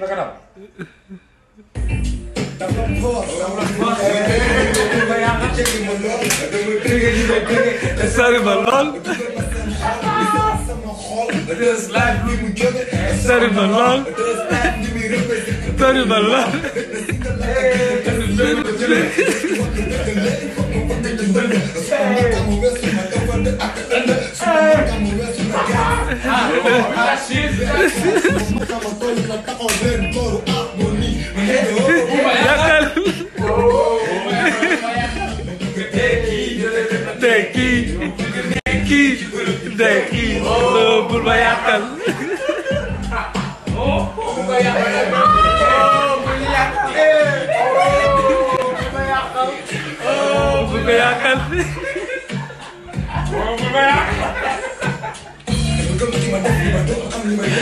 naka dam dafa boor Yakal. Tekki. Tekki. Tekki. Bul ma yàqal. Bul ma yàqal. gëm li ma def li ma doon xam li ma